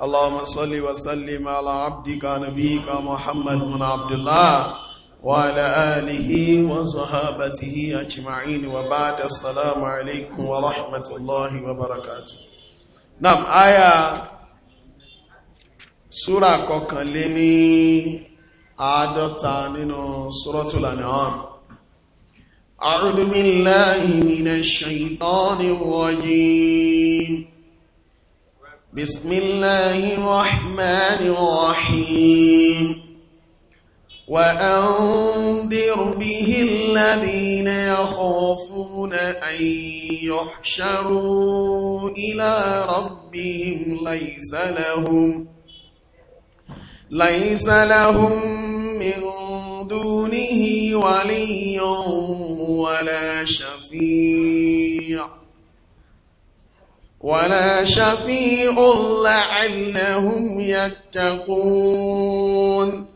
اللهم صل وسلم على عبدك نبيك محمد بن عبد الله وعلى آله وصحابته أجمعين وبعد السلام عليكم ورحمة الله وبركاته نعم آية سورة كوكاليني آدتا نينو سورة الأنعام أعوذ بالله من الشيطان الرجيم بسم الله الرحمن الرحيم وأنذر به الذين يخافون أن يحشروا إلى ربهم ليس لهم ليس لهم من دونه ولي ولا شفيع ولا شفيع لعلهم يتقون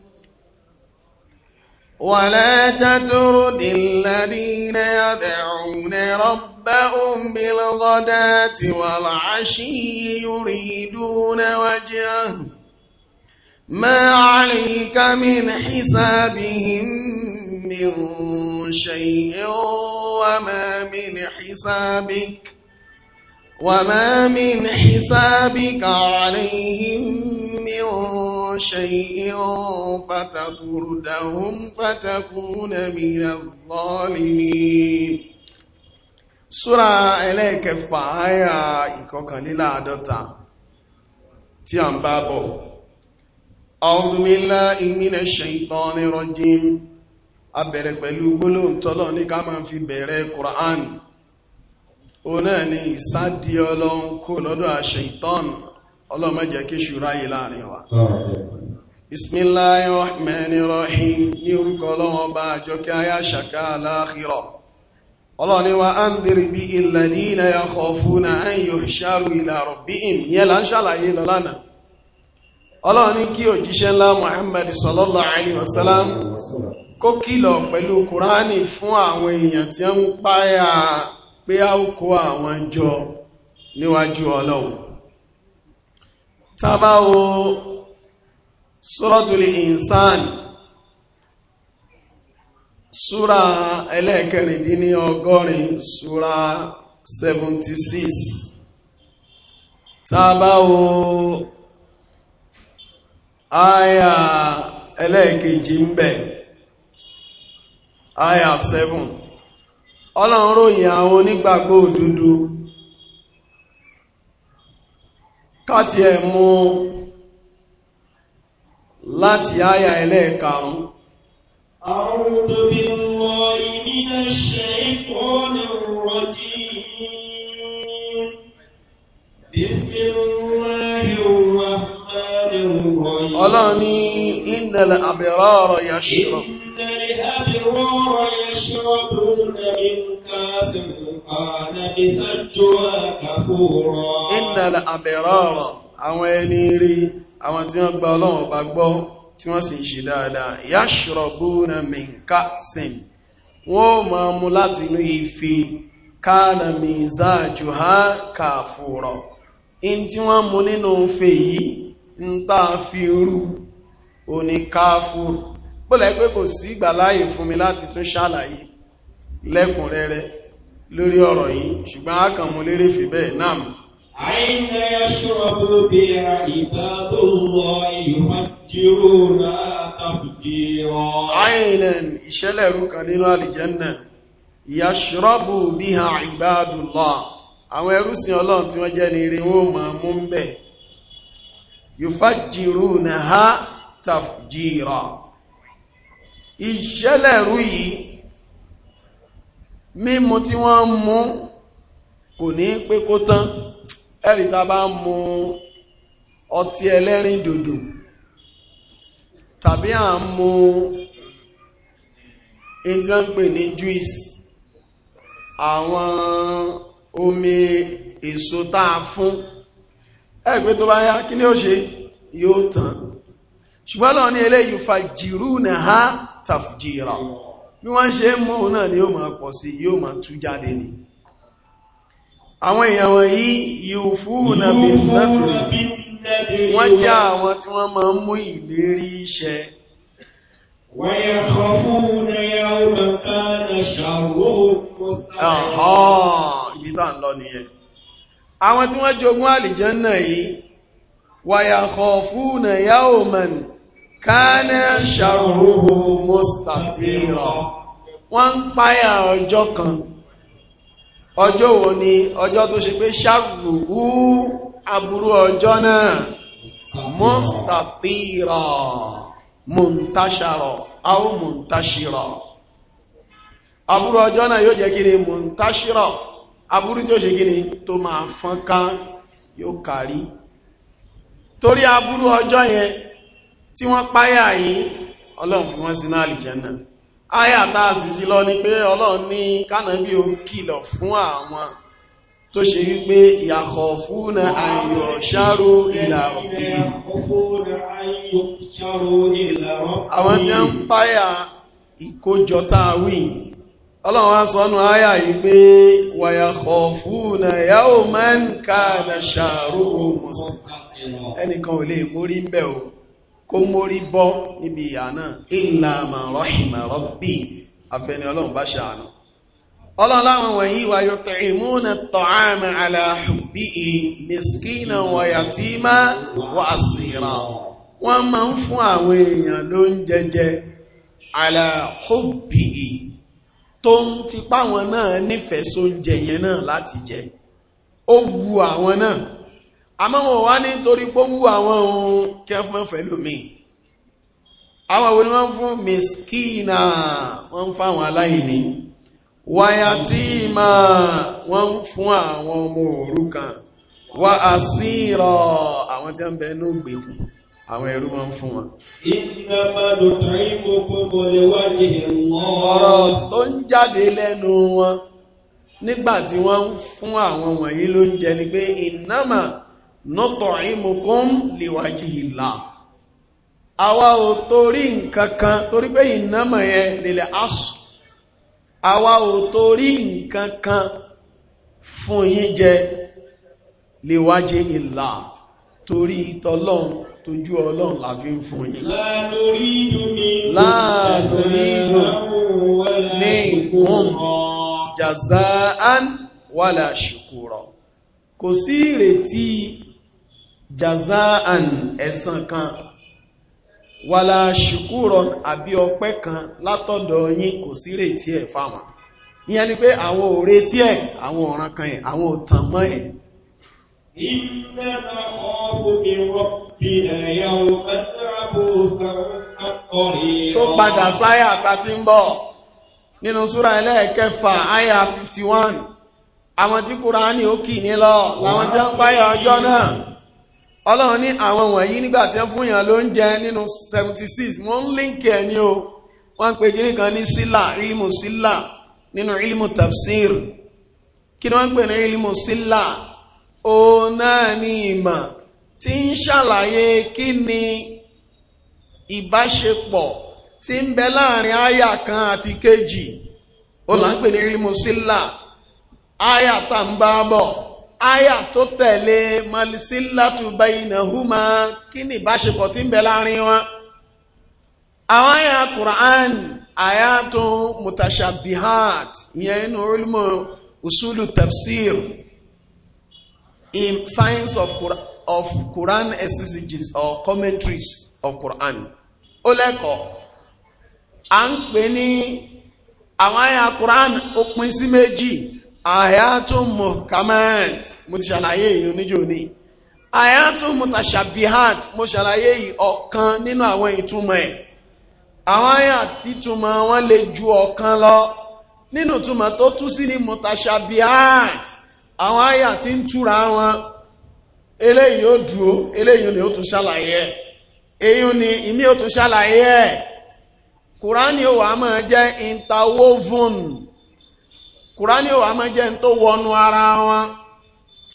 ولا تترد الذين يدعون ربهم بالغداة والعشي يريدون وجهه ما عليك من حسابهم من شيء وما من حسابك وما من حسابك عليهم من شيء فتطردهم فتكون من الظالمين Súra ẹlẹ́ẹ̀kẹfà àyà ìkọkànléláàádọ́ta tí a ń bá bọ̀. A'udhu billahi minash shaitanir rajim. A bẹ̀rẹ̀ pẹ̀lú gbólóhùn tọ́lọ̀ ní ká máa fi bẹ̀rẹ̀ Kùránì òun náà ni ìsádi ọlọ́run kó lọ́dọ̀ àṣẹ ìtọ́n ọlọ́mọ́jẹ́ kí ṣùráyè láàrin wa bismillahirrahmanirrahim ní orúkọ ọlọ́run ọba àjọkẹ́ ayá ṣàká aláàkírọ̀ ọlọ́ni wa an dìrì bí alladhina yakhafuna an yuhsharu ila rabbihim yẹ́ là ń ṣàlàyé lọ lánàá ọlọ́ni kí òjíṣẹ́ ńlá Muhammad sallallahu alaihi wasallam kó kìlọ̀ pẹ̀lú kùránì fún àwọn èèyàn tí ó ń páyà pé a ó kó àwọn jọ níwájú ọlọ́run tàbá wo suratul insan súra ẹlẹ́ẹ̀kẹrìndínní ọgọ́rin súra 76 tàbá wo aya ẹlẹ́ẹ̀kejì ń bẹ aya 7 ọlọ́run ròyìn àwọn onígbàgbọ́ òdodo káti ẹ̀ mú láti àyà ẹlẹ́ẹ̀karùn A'udhu billahi minash shaytanir rajim Bismillahir rahmanir rahim Ọlọ́run ní innal يشركون منك سبحانك سجوا كفورا إن الأبرار àwọn ẹni rí àwọn tí wọ́n gba ọlọ́run ọba gbọ́ tí wọ́n sì ń ṣe dáadáa yashrabuna min ka'sin wọ́n ó máa mu láti inú ife kana mizajuha kafura in tí wọ́n mu nínú ife yìí ń tàà fi rú oníkáfúrú bọ́lẹ̀ pé kò sí ìgbàláyè fún mi láti tún ṣàlàyé lẹ́kùnrẹ́rẹ́ lórí ọ̀rọ̀ yìí ṣùgbọ́n a kàn mú lérè fi bẹ́ẹ̀ náà mú. àìní aṣọ́rọ̀bù bí kan nínú àlìjẹ́nà ìyàṣọ́rọ̀bù bí i ìbádùlọ́ àwọn ẹrúsìn ọlọ́run tí wọ́n jẹ́ ní eré wọn mọ̀ mú ń bẹ̀ ìfàjíròrò ha tàfùjírọ̀ ìṣẹ́lẹ̀rú yìí mímu tí wọ́n mú kò ní pé kó tán ẹ̀rì tá bá mú ọtí ẹlẹ́rìn dòdò tàbí à ń mú ìtànpè ní juice àwọn omi èso táa fún ẹgbẹ́ tó bá yá kí ni ó ṣe yóò tán ṣùgbọ́n lọ ní eléyìí fa jìrú nà tafjira bí wọ́n ṣe mú náà ni ó máa pọ̀ sí yóò máa tú jáde ni àwọn èèyàn wọ̀nyí yufuna bin nadri wọ́n jẹ́ àwọn tí wọ́n máa ń mú ìlérí iṣẹ́ ويخافون يوما كان شره مستقرا ibi tá ń lọ nìyẹn àwọn tí wọ́n kánà ṣàrùhù mọ́sítàtìrọ̀ wọ́n ń páyà ọjọ́ kan ọjọ́ wo ni ọjọ́ tó ṣe pé ṣàrùhù aburú ọjọ́ náà mọ́sítàtìrọ̀ mọ̀ntàṣàrọ̀ aw mọ̀ntàṣìrọ̀ aburú ọjọ́ náà yóò jẹ́ kí ni mọ̀ntàṣìrọ̀ aburú tó ṣe kí tí wọ́n páyà yìí ọlọ́run fi wọ́n sínú àlìjẹ́nà ayà táà sì sí lọ ni pé ọlọ́run ní kánàbí ó kìlọ̀ fún àwọn tó ṣe wípé ìyàkọ̀ fún àyọ̀ ṣáró ìlà àwọn tí ń páyà ìkójọ táà wí ọlọ́run wá sọ́nù ayà yìí pé wàyàkọ̀ fún àyàwó mẹ́ǹkà àdàṣàrò ẹnìkan ò lè mórí ń bẹ̀ o kó mórí bọ́ níbi ìyà náà illa man rahima rabbi afẹ́ni ọlọ́run bá ṣàánú ọlọ́run láwọn wọ̀nyí wa yut'imuna at'ama ala hubbihi miskina wa yatima wa asira wọ́n máa ń fún àwọn èèyàn ló ń jẹjẹ ala tó ń ti páwọn náà nífẹ̀ẹ́ sóúnjẹ yẹn náà láti jẹ ó wu àwọn náà àmọ́ wọn wá nítorí pọ́wú àwọn ohun kí wọ́n fún mẹ́fẹ́ lómi àwọn àwọn ni wọ́n fún miskina wọ́n fún àwọn aláìní wáyàtíìmà wọ́n fún àwọn ọmọ òrukàn wá àsírọ̀ àwọn tí a ń bẹ ní ògbèkùn àwọn ẹrú wọn fún wọn. ọ̀rọ̀ tó ń jáde lẹ́nu wọn nígbàtí wọ́n fún àwọn wọ̀nyí ló ń jẹ ni pé ìnámà nut'imukum liwajhillah àwa ò torí nǹkankan torí pé ìnámọ̀ yẹn lèlẹ̀ asù àwa ò torí nǹkankan fún yín jẹ liwajhillah torí tọlọ́n tójú ọlọ́run la fi ń fún yín láàrín ní ìkún jazaan wala shukura kò sí ìrètí jazaan ẹ̀san kan wàlá ṣùkúrọ̀ àbí ọpẹ́ kan látọ̀dọ̀ yín kò sí retí ẹ̀ fáwọn ìyẹn ni pé àwọn ò retí ẹ̀ àwọn ọ̀ràn kan ẹ̀ àwọn ò tàn mọ́ ẹ̀ إنما tó padà sáyà tá ń bọ̀ nínú súra ẹlẹ́ẹ̀kẹfà àyà 51 àwọn tí Kùránì ó kì ní lọ làwọn tí wọ́n páyà ọjọ́ náà ọlọ́run ní àwọn wọ̀nyí nigbati wọ́n fún ìyàn ló ń jẹ nínú 76 wọ́n ń líǹkì ẹ̀ ní o wọ́n pè kí kan ní sílà ilmù sílà nínú ilmù tafsir kí ni wọ́n pè ní ilmù sílà o náà ní ìmọ̀ tí ń ṣàlàyé kí ni ìbáṣepọ̀ tí ń bẹ láàrin àyà kan àti kejì o là ń pè ní ilmù sílà àyà tá ń bá bọ̀ àyà tó tẹ̀lé mọ̀lísílátù bainahuma kí ni ìbáṣepọ̀ tí ń bẹ láàrin wọn àwọn àyà Qur'an àyà tó mutashabihat ìyẹn inú olùmọ̀ usulu tafsir in science of Qur'an of Quran exegesis or commentaries of Quran ó lẹ́kọ̀ọ́ à ń pè ní àwọn àyà Qur'an ó pín sí méjì àyàtún muhkamat mo ti ṣàlàyé èyí oníjò ní àyàtún mutashabihat mo ṣàlàyé èyí ọ̀kan nínú àwọn ìtumọ̀ ẹ̀ àwọn àyà títúmọ̀ wọn lè ju ọ̀kan lọ nínú túmọ̀ tó tú sí ní mutashabihat àwọn àyà tí ń túra wọn eléyìí ó dúró eléyìí ni ó tún ṣàlàyé ẹ̀ èyí ni ìmí ó tún ṣàlàyé kùránì ó wà máa jẹ́ interwoven kùránì ò wá máa jẹ́ tó wọnú ara wọn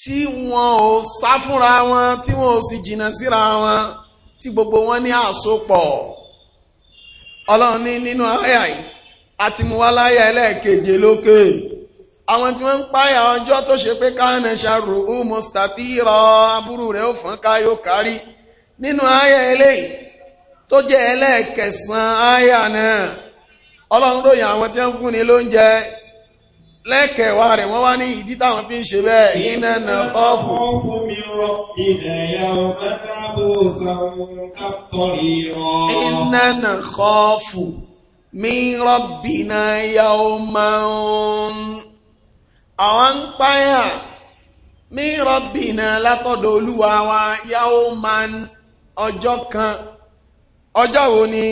tí wọn ò sá fúnra wọn tí wọn ò sì jìnnà síra wọn tí gbogbo wọn ní àsopọ̀ ọlọ́run ní nínú àyà yìí àti mú wá láyà ẹlẹ́ẹ̀keje lókè àwọn tí wọ́n ń páyà ọjọ́ tó ṣe pé káàna ṣàrò umustatiro abúrú rẹ̀ ó fọ́n yóò kárí nínú àyà eléyìí tó jẹ́ ẹlẹ́ẹ̀kẹsàn-án àyà náà ọlọ́run ròyìn àwọn tí wọ́n fún ni lóúnjẹ lẹ́kẹ̀ẹ́wà rẹ̀ wọ́n wá ní ìdí táwọn fi ń ṣe bẹ́ẹ̀ iná na ọ́fù iná na ọ́fù mi rọ́bìnà ya o máa ń àwọn ń páyà mi rọ́bìnà látọ̀dọ̀ olúwa wa ya o máa ń ọjọ́ kan ọjọ́ wo ni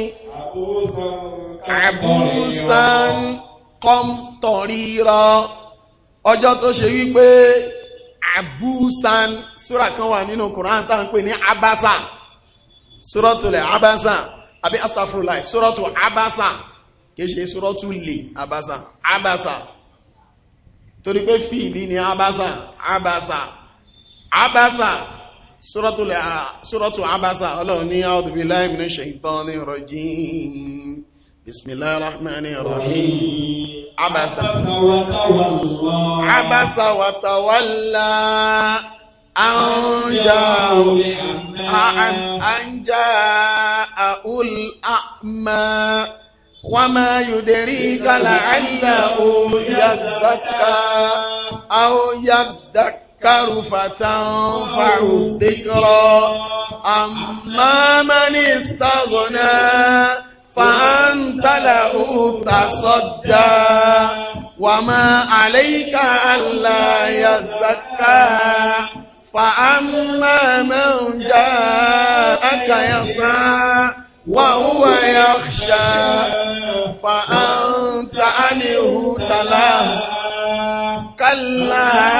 àbúrúsán kọ́mpù tọ̀ríra ọjọ́ tó ṣe wípé abusan súra kan wà nínú Koran tá ń pè ní abasa súrọ́tulẹ̀ abasa abi astafurulai súrọ́tù abasa kìí ṣe súrọ́tù lè abasa abasa torí pé fìlì ni abasa abasa abasa súrọ́tù abasa ọlọ́run ní a'udhu billahi minash shaitani rajim bismillahir rahmanir rahim abasa watawalla anja aul a'ma wàmà yòdèrí kàlà àìlà òòyà zaka àòyà daka karufatan fa'udikro amma man istaghna فأنت له تصدى وما عليك ألا يزكى فأما من جاءك يسعى وهو يخشى فأنت عنه تلا كلا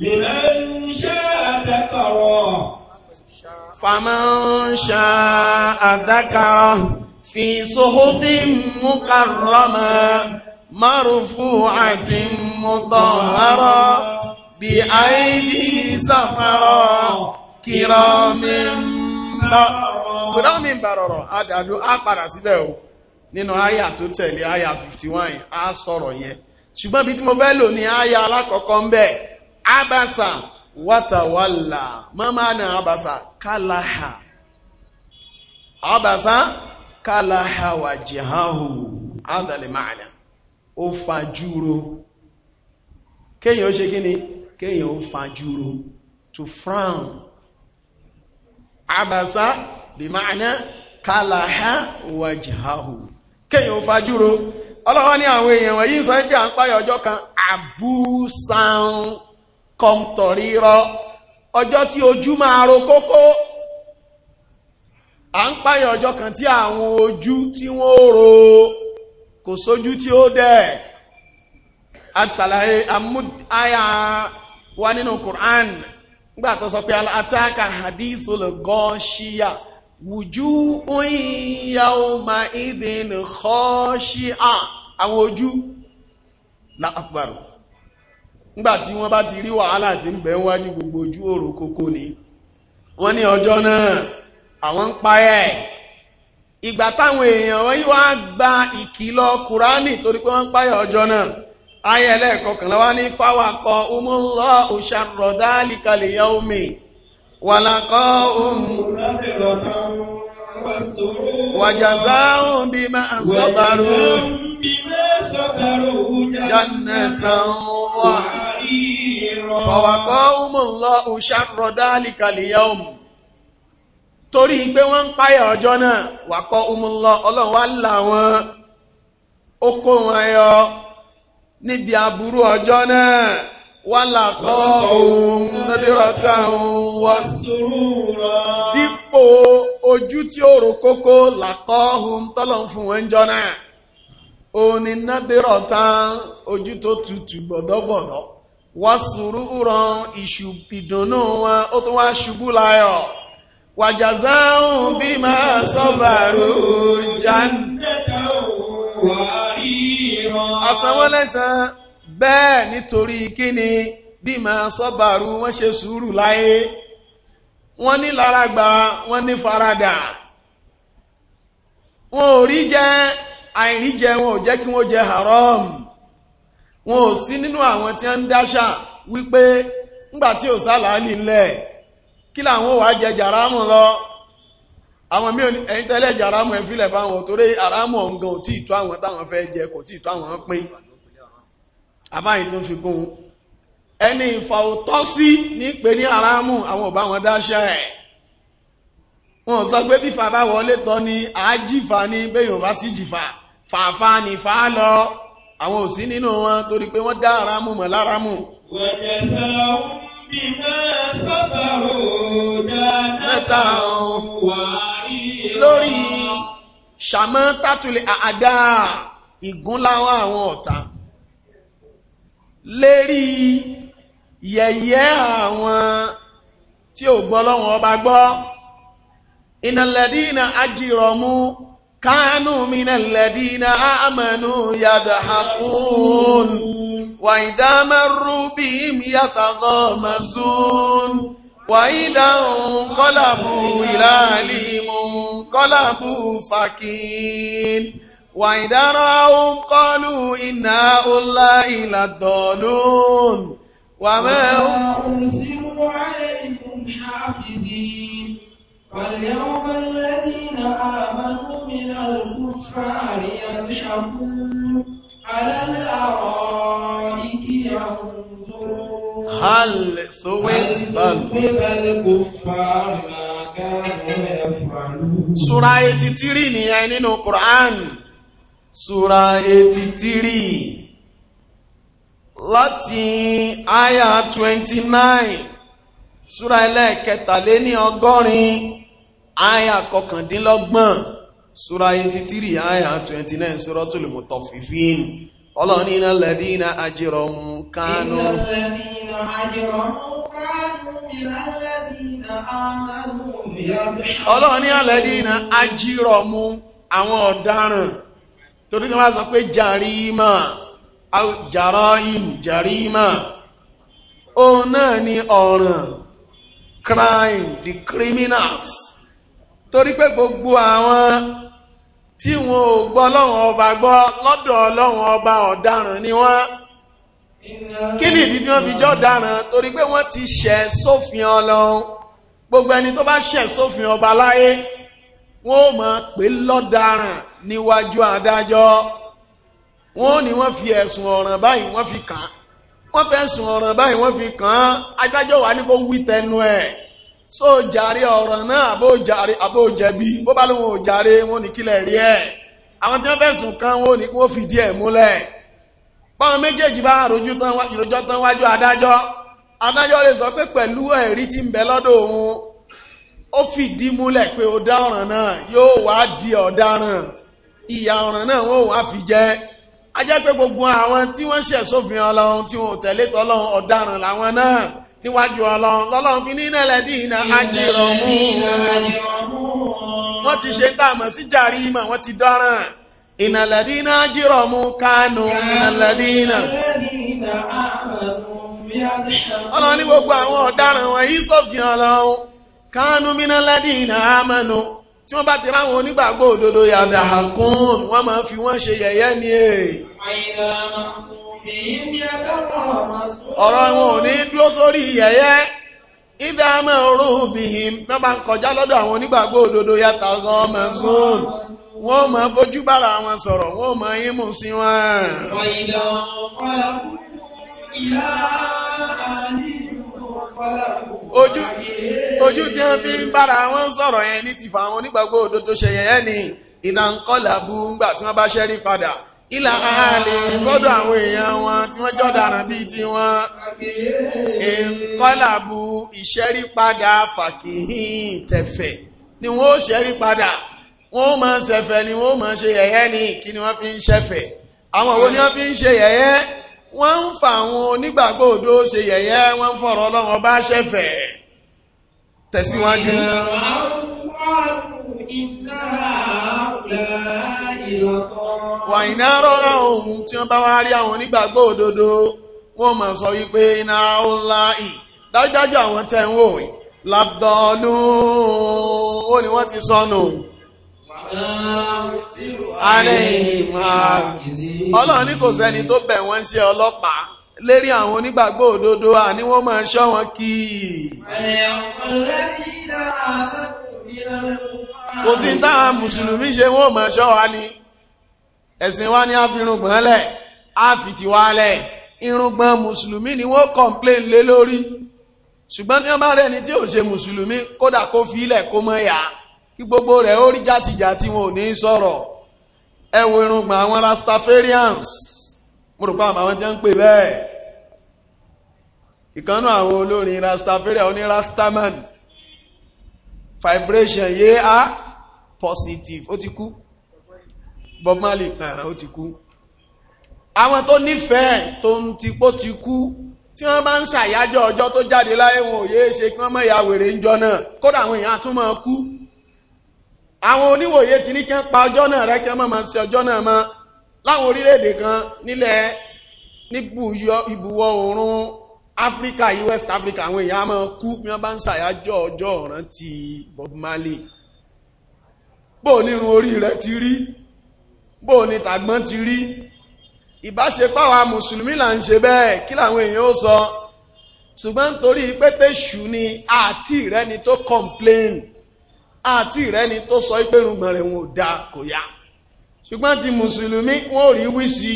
لمن شاء ذكره فمن شاء ذكره في صحف مكرمة مرفوعة مطهرة بأيدي سفرة كرام كرام بررة adàdú á padà síbẹ̀ o nínú àyà tó tẹ̀lé àyà 51 á sọ̀rọ̀ yẹn ṣùgbọ́n bí tí mo fẹ́ lò ní àyà alákọ̀ọ́kọ́ ń bẹ̀ abasa watawalla mama mana abasa kalaha abasa kalaha wajihahu adali ma'ana ó fajúro kéyàn o ṣe kí ni kéyàn ó fajúro to frown abasa bí ma'ana kalaha wajihahu kéyàn ó fajúro ọlọ́wọ́ ní àwọn èèyàn wọ̀nyí sọ pé à ń páyọ̀ ọjọ́ kan àbúsáun kọ̀ǹtọ̀rírọ ọjọ́ tí ojú máa ro kókó à ń páyàn ọjọ́ kan tí àwọn ojú tí wọ́n ro kò sójú tí ó dẹ̀ àtìsàlàyé àmúdáyà wà nínú Qur'an nígbà tó sọ pé alátákà hadith lè gan ṣíyà wùjú òyìnyà ọmọ ìdìn nígbàtí wọ́n bá ti rí wàhálà tí ń bẹ wájú gbogbo ojú òrò kókó ni wọ́n ní ọjọ́ náà àwọn ń pa ẹ̀ ìgbà táwọn èèyàn wọ́n yíwá gba ìkìlọ̀ kùránì torí pé wọ́n ń páyà ọjọ́ náà ayé ẹlẹ́ẹ̀kọkànlá wá ní fáwakọ̀ umúlọ́ òṣàrọ̀dá àlìkalẹ̀ yọ omi wàlàkọ́ ohun wàjàzá ohun bí máa sọ́bàrú jannatan wà fọwọ́kọ́ ọmọ ńlọ òṣàrọ̀ dáálìkàlẹ̀ yà ọmọ torí pé wọ́n ń páyà ọjọ́ náà wàkọ́ ọmọ ńlọ ọlọ́run wá là wọn ó kó wọn yọ níbi aburú ọjọ́ náà wà làkọ́ ohun lọ́dẹ́rọ̀ta ohun wọ́n dípò ojú tí ó rò kókó làkọ́ ohun tọ́lọ̀ fún wọn jọ náà òun ni nádẹ́rọ̀ta ojú tó tutù gbọ̀dọ̀gbọ̀dọ̀ wọ́n sùúrù ràn ìdùnnú wọn ó tún wá ṣubú láyọ̀ wàjàzá ń bí máa sọ́bàrú jàǹdẹ́ta wà ríran. àsanwó-lẹ́sàn bẹ́ẹ̀ nítorí kíni bí máa sọ́bàrú wọ́n ṣe sùúrù láyé wọ́n ní lárágbá wọ́n ní faradà wọn ò rí jẹ àìrí wọn ò jẹ́ kí wọ́n jẹ haram wọn ò sí nínú àwọn tí wọ́n ń dáṣà wípé ńgbà tí ò sálàálì ńlẹ̀ kí làwọn wà jẹ jàrámù lọ àwọn mí ẹ̀yìn tẹ́lẹ̀ jàrámù ẹ̀ fílẹ̀ fáwọn torí àrámù ọ̀ngàn ò tí ìtọ́ àwọn táwọn fẹ́ jẹ kò tí ìtọ́ àwọn pín àbáyìn tó fi gún ẹni ìfà òtọ́ sí ní pé ní àrámù àwọn ọba wọn dáṣẹ́ ẹ̀ wọn sọ pé bí fà tọ́ ni àájífà ní bẹ́yìn ò sí jìfà fàfà ní fà lọ àwọn òsí nínú wọn torí pé wọ́n dá àrámù mọ̀ lárámù mẹ́ta lórí ṣàmọ́ tátulẹ̀ àdá ìgúnláwọ́ àwọn ọ̀tá lérí yẹ̀yẹ́ àwọn tí ò gbọ́ lọ́wọ́ ọba gbọ́ ìnàlẹ̀dí ìnà ajírọ̀mú كانوا من الذين آمنوا يضحكون وإذا مروا بهم يتغامزون وإذا انقلبوا إلى أهلهم انقلبوا فكين وإذا رأوهم قالوا إن هؤلاء لضالون وما هم عليكم حافظين فاليوم الذين آمنوا من الكفار يضحكون على الأرائك ينظرون هل ثوب الكفار ما كانوا يفعلون سورة 83 يعني نو قرآن سورة 83 láti àyà 29 súra ẹlẹ́ẹ̀kẹtàléní ọgọ́rin àyà kọkàndínlọ́gbọ̀n sura 83 àyà 29 Suratul Mutaffifin ọlọ́ni iná lẹ́bí iná àjírọ̀ mú kánú ọlọ́ni alẹ́bí iná àwọn ọ̀daràn torí wọ́n sọ pé jàrímà jàráìm jàrímà òun náà ni ọ̀ràn crime the criminals torí pé gbogbo àwọn tí wọn ò gbọ́ ọlọ́run ọba gbọ́ lọ́dọ̀ ọlọ́run ọba ọ̀daràn ni wọ́n kí ni ìdí tí wọ́n fi jọ́ ọ̀daràn torí pé wọ́n ti ṣẹ̀ sófin ọlọ́run gbogbo ẹni tó bá ṣẹ̀ sófin ọba láyé wọ́n ò mọ̀ pé lọ́daràn níwájú adájọ́ wọ́n ní wọ́n fi ẹ̀sùn ọ̀ràn báyìí wọ́n fi kàn án wọ́n fẹ́ sùn ọ̀ràn báyìí wọ́n fi kàn án adájọ́ wà ní kó wí tẹnu ẹ̀ so jari ọ̀rọ̀ náà àbójẹ̀bí bó bá lóhun ò jàre wọn ní kílẹ̀ rí ẹ̀ àwọn tí wọ́n fẹ̀sùn kan wọn ní kí wọ́n fìdí ẹ̀ múlẹ̀ báwọn méjèèjì bá rojú tán ìròjọ́ tán wájú adájọ́ adájọ́ lè sọ pé pẹ̀lú ẹ̀rí tí ń bẹ lọ́dọ̀ òun ó fìdí múlẹ̀ pé ó dá ọ̀ràn náà yóò wá di ọ̀daràn ìyà ọ̀ràn náà wọn ò wá fi jẹ a jẹ́ pé gbogbo àwọn tí wọ́n ṣẹ̀ sófin ọlọ́run tí wọn tẹ̀lé tọ́lọ́run ọ̀daràn làwọn náà níwájú ọlọ́run lọ́lọ́run fi nínú ẹlẹ́dí iná ajírọ̀ mú wọ́n ti ṣe dáàmọ̀ sí jàrí ìmọ̀ wọ́n ti dọ́ràn ìnàlẹ́dí iná ajírọ̀ mú kánú ìnàlẹ́dí iná ọlọ́run ní gbogbo àwọn ọ̀daràn wọ̀nyí sófin ọlọ́run kánú mínàlẹ́dí iná amanu tí wọ́n bá ti ráwọn onígbàgbọ́ òdodo yàdà àkún wọ́n máa fi wọ́n ṣe yẹ̀yẹ́ ní èè e. ọ̀rọ̀ wọn ò ní dúró sórí yẹ̀yẹ́ ìdá mọ́ orúhùn bí i wọ́n bá ń kọjá lọ́dọ̀ àwọn onígbàgbọ́ òdodo yàtà ọ̀sán ọmọ sóòn wọ́n máa fojú bára wọn sọ̀rọ̀ wọ́n máa yín mú sí wọn. ìlà ọ̀pọ̀lọpọ̀ ojú ojú tí wọ́n fi ń bára wọn sọ̀rọ̀ yẹn ní ti fàwọn onígbàgbọ́ òdodo ṣe yẹn ni ìdánkọ́là bú ńgbà tí wọ́n bá ṣẹ́rí padà ìlà ààlè sọ́dọ̀ àwọn èèyàn wọn tí wọ́n jọ́ dára bí ti wọn ìkọ́là bú ìṣẹ́rí padà fàkìhín tẹ̀fẹ̀ ni wọ́n ó ṣẹ́rí padà wọ́n ó máa ni wọ́n ó ṣe yẹ̀yẹ́ ni kí ni wọ́n fi ń ṣẹ̀fẹ̀ àwọn wo ni wọ́n fi ń ṣe yẹ̀yẹ́ wọ́n ń fa àwọn onígbàgbọ́ òdo ṣe yẹ̀yẹ́ wọ́n ń fọ̀rọ̀ ọlọ́run ọba ṣẹ̀fẹ̀ tẹ̀síwájú. wàyínà rọra ohun tí wọ́n bá wá rí àwọn onígbàgbọ́ òdodo wọ́n máa sọ wípé iná ọlá ì dájúdájú àwọn tẹ̀ ń wò lábdọ́ọ̀lù ó ní wọ́n ti sọnù ọlọ́run ní kò sẹ́ni tó bẹ̀ wọ́n ṣe ọlọ́pàá lérí àwọn onígbàgbọ́ òdodo à ní wọ́n máa ṣọ́ wọn kí kò sí táwọn mùsùlùmí ṣe wọ́n máa ṣọ́ wa ní ẹ̀sìn wa ní àfirùngbọ̀n lẹ̀ àfìtìwálẹ̀ irùngbọ̀n mùsùlùmí ni wọ́n kọ̀m̀plẹ̀n lé lórí ṣùgbọ́n tí wọ́n bá rẹ̀ ní tí ò ṣe mùsùlùmí kódà kó fi ilẹ̀ kó mọ́ yàá kí gbogbo rẹ̀ ó rí játijàti wọn ò ní sọ̀rọ̀ ẹ wo àwọn rastafarians mo rò pé àwọn tí wọ́n ń pè bẹ́ẹ̀ ìkànnà àwọn olórin rastafarian oní rastaman vibration yé a positive ó ti kú Bob Marley ó ti kú àwọn tó nífẹ̀ẹ́ tó ń ti pó ti kú tí wọ́n bá ń ṣàyájọ́ ọjọ́ tó jáde láyé wọn ò yéé ṣe kí wọ́n mọ̀ ìyá wèrè ń jọ náà kódà àwọn èèyàn àtúmọ̀ kú àwọn oníwòye ti ní kí wọ́n pa ọjọ́ náà rẹ́ kí wọ́n máa ṣe ọjọ́ náà mọ́ láwọn orílẹ̀-èdè kan nílẹ̀ níbùwọ̀ oòrùn Áfíríkà yìí West Africa àwọn èèyàn máa kú bí wọ́n bá ń ṣàyájọ́ ọjọ́ ọ̀ràn ti Bob Marley bó nírun orí rẹ̀ ti rí bó ní tàgbọ́n ti rí wa mùsùlùmí là ń ṣe bẹ́ẹ̀ kí làwọn èèyàn ó sọ ṣùgbọ́n torí pété ṣù ni àti ìrẹ́ni tó complain àti ìrẹ́ni tó sọ pé rúgbọ̀n rẹ̀ wọn ò dá kò yá ṣùgbọ́n ti mùsùlùmí wọ́n rí wíṣí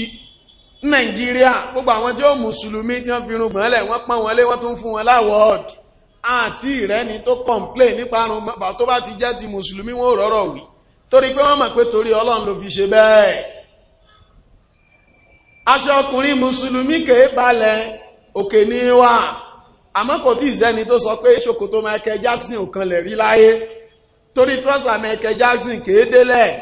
nàìjíríà gbogbo àwọn tí ó mùsùlùmí tí wọ́n fi rúgbọ̀n lẹ̀ wọ́n pọ́n wọn wọ́n tún fún wọn láwọ́ọ̀dù àti ìrẹ́ni tó complain nípa rúgbọ̀n tó bá ti jẹ́ ti mùsùlùmí wọ́n rọ́rọ̀ wí torí pé wọ́n mọ̀ pé torí ọlọ́run ló fi ṣe bẹ́ẹ̀ aṣọ ọkùnrin mùsùlùmí kèé balẹ̀ òkè ní wà àmọ́ tí ìzẹ́ni tó sọ pé ṣòkòtò Michael Jackson ò kan lẹ̀ rí láyé torí trọ́sà Michael Jackson kèé délẹ̀